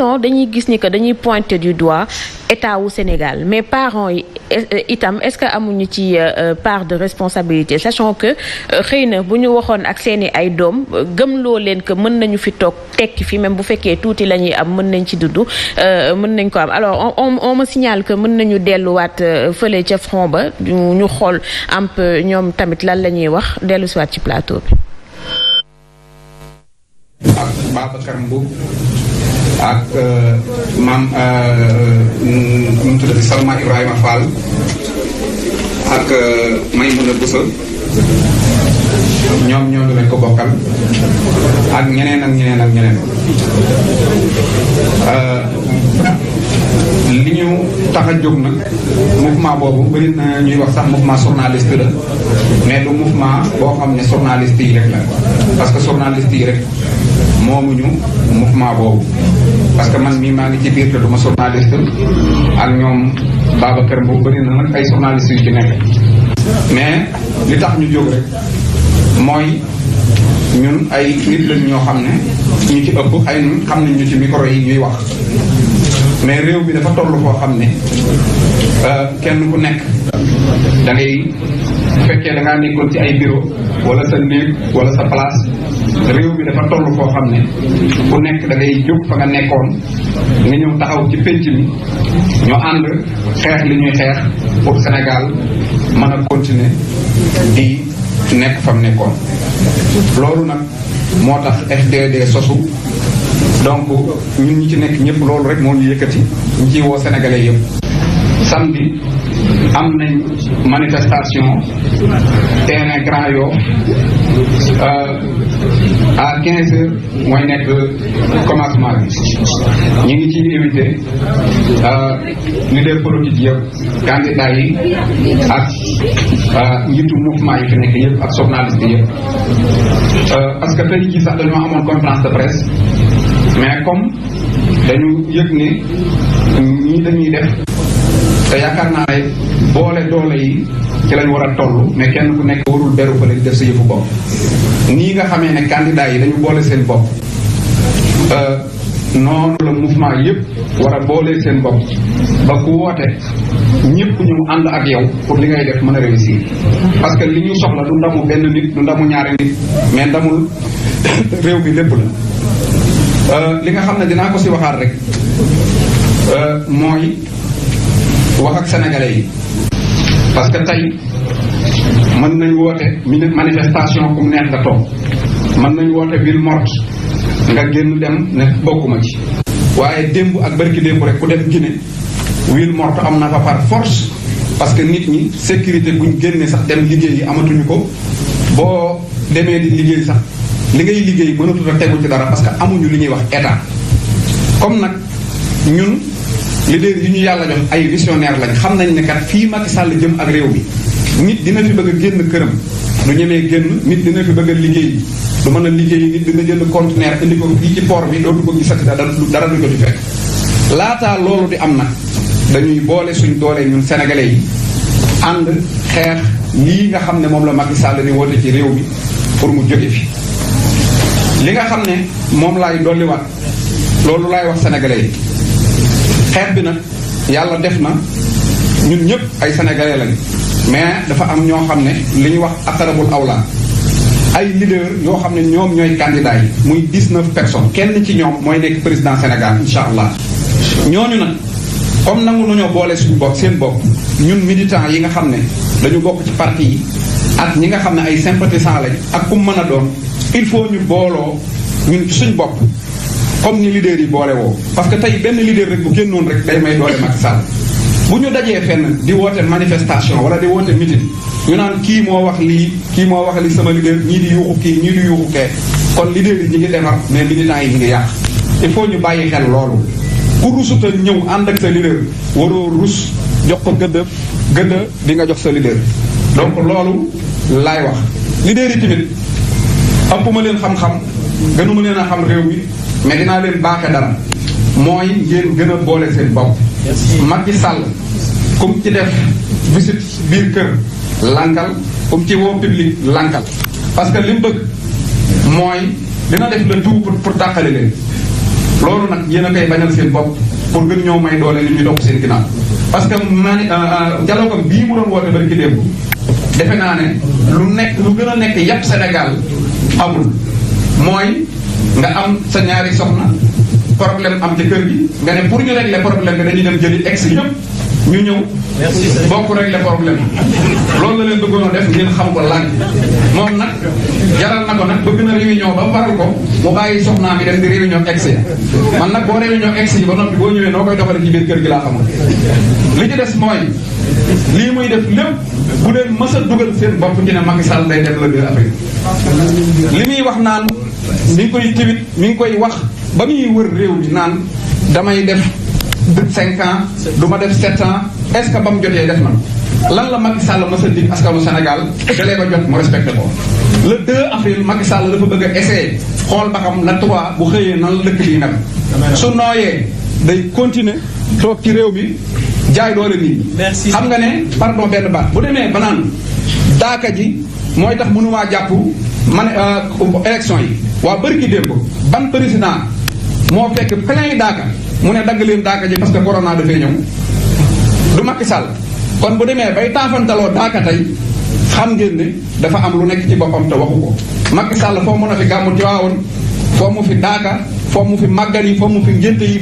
temps dañuy gis ni que dañuy pointer du doigt état wu Sénégal mais parents yi euh, itam est-ce que amuñu ci euh, euh, part de responsabilité sachant que xëy na bu ñu waxoon ak seeni ay doom gëmloo leen que mën nañu fi toog tekki fi même bu fekkee tuuti la ñuy am mën nañ ci dudd mën nañ ko am alors on on me mën nañu delluwaat fële ca front ba ñu xool am ñoom tamit lan la ñuy wax dellu siwaat ci plateau bi. ak euh, maam euh, mm, nu mu tuddati Salma Ibrahima Fall ak euh, Maymuna Buso ñoom ñoo lañ ko bokkal ak ñeneen ak ñeneen ak ñeneen li ñu tax a jóg nag mouvement boobu bëri na ñuy wax sax mouvement journaliste la mais du mouvement boo xam ne journaliste yi rek la parce que journaliste yi rek moomuñu mouvement boobu parce que man mii maa ngi ci biir te du ma journaliste ak ñoom Babacar boobu bëri na nag ay journaliste yu ci nekk mais li tax ñu jóg rek mooy ñun ay nit lañ ñoo xam ne ñu ci ëpp ay ñun xam nañ ñu ci micro yi ñuy wax mais réew bi dafa toll koo xam ne euh, kenn ku nekk da ngay fekkee da ngaa nekkoon ci ay bureau wala sa néeg wala sa place réew mi dafa toll foo xam ne ku nekk da ngay jóg fa nga nekkoon nga ñëw taxaw ci pénc mi ñu ànd xeex li ñuy xeex pour Sénégal mën a continuer di nekk fa mu nekkoon loolu nag moo tax FDD sosu donc ñun ñu ci nekk ñëpp loolu rek moo ñu yëkkati ñu ciy woo sénégalais yëpp samedi am nañ manifestation terrain Grand Yoff euh, à quinze heures mooy nekk commencement bi ñu ngi ciy invité euh, leader politique yëpp candidat yi ak euh, njiitu mouvement yi fi nekk yëpp ak journaliste yëpp parce que tey jii sax dañoo amoon conférence de presse mais comme dañu yëg ne ñii dañuy def te yaakaar naa ne boole doole yi ci lañu war a toll mais kenn ku nekk warul beru fële di def sa yëfu bopp nii nga xamee ne candidat yi dañu boole seen bopp euh, noonu la mouvement yëpp war a boole seen bopp ba ku woote ñëpp ñëw ànd ak yow pour li ngay def mën a réussir parce que li ñu soxla du ndamu benn nit du ndamu ñaari nit mais ndamul réew mi lépp la euh, li nga xam ne dinaa ko si waxaat rek euh, mooy wax ak sénégalais yi parce que tey mën nañ woote manifestation ku mu neex nga toog mën nañ woote ville morte nga génn dem ne bokkuma ci waaye démb ak barki démb rek ku def Guinée ville morte am na fa par force parce que nit ñi sécurité gu buñ génnee sax dem liggéey yi amatuñu ko boo demee di liggéey sax li ngay liggéey mënatut a tegu ci dara parce que amuñu li ñuy wax état comme nag ñun leader yi ñu yàlla jox ay visionnaire lañ xam nañ ne kat fii Macky Sall jëm ak réew bi nit dina fi bëgg génn këram lu ñemee génn nit dina fi bëgg a liggéey du mën a liggéey nit dina jënd conteneur indi ko fii ci port bi dootu ko sa dara dara du ko ci fekk. laataa loolu di am na dañuy boole suñ doole ñun sénégalais yi ànd xeex lii nga xam ne moom la Macky Sall di woote ci réew mi pour mu jóge fi. li nga xam ne moom laay dolliwaat loolu laay wax sénégalais yi. xeet bi nag yàlla def na ñun ñëpp ay sénégalais lañ mais dafa am ñoo xam ne li ñu wax atarabul awla ay leader yoo xam ne ñoom ñooy candidat yi muy 19 personnes kenn ci ñoom mooy nekk président Sénégal incha allah ñooñu nag comme nangu nañoo boolee suñu bopp seen bopp ñun militants yi nga xam ne dañu bokk ci parti yi ak ñi nga xam ne ay sympathisants lañ ak ku mën a doon il faut ñu booloo ñun suñ bopp comme ni leader yi boolewoo parce que tey benn leader rek bu génnoon rek day may doole Macky Sall bu ñu dajee fenn di woote manifestation wala di woote meeting ñu naan kii moo wax lii kii moo wax lii sama leader ñii di yuuxu kii ñii di yuuxu kee kon leader yi ñi ngi defar mais militants yi ñi ngi yàq il faut ñu bàyyi xel loolu ku rusuta ñëw ànd ak sa leader waroo rus jox ko gëdd gëdd di nga jox sa leader donc loolu laay wax leader yi ëpp ma leen xam gënuma leen a xam réew mi mais dinaa leen baaxe dara mooy ngeen gën a boole seen bopp. Macky Sall kum ci def visite biir kër lankal kum ci woo public lankal. parce que li mu bëgg mooy dina def le tout pour pour tàqali leen loolu nag yéen a koy bañal seen bopp pour gën ñëw may doole li ñuy dox seen ginnaaw. parce que man euh, euh, dialogue bii mu doon woote barki démb defe naa ne lu nekk lu gën a nekk yàpp senegal amul. mooy nga am sa ñaari soxna problème am ci kër gi nga ne pour ñu régler problème bi dañuy dem jëli ex yëpp ñu ñëw bokk régler problème loolu la leen bëggoon a def ngeen xam ko lan moom nag jaral na ko nag bëgg na réunion ba waral ko mu bàyyi soxnaa bi dem di réunion ex yi man nag boo réunion ex yi ba noppi boo ñëwee noo koy doxale ci biir kër gi laa xamul li ci des mooy lii muy def lépp bu leen mës a dugal seen bopp ci ne Macky Sall day dem la biir Afrique mi ngi koy tamit mi ngi koy wax ba muy wër réew di naan damay def cinq ans du ma def sept ans est ce que ba mu jotee def na lan la Macky Sall ma sa dig askanu Sénégal dalee ba jot mu respecté ko le 2 avril Macky Sall dafa bëgg a essayer xool ba xam la trois bu xëyee nan la dëkk bi mel su nooyee day continuer toog ci réew bi jaay doole nii xam nga ne pardon benn baat bu demee naan daaka ji mooy tax mënumaa jàpp man euh, élection yi waa bërki démb ban président moo fekk plein daaka mu ne dagg leen daaka ji parce que corona dafay ñëw du Macky Sall kon bu demee bay taafantaloo daaka tey xam ngeen ne dafa am lu nekk ci boppam te waxu ko Macky Sall foo mën a fi gàmmu Tiwaawoon foo mu fi daaka foo mu fi màggal yi foo mu fi ngénte yi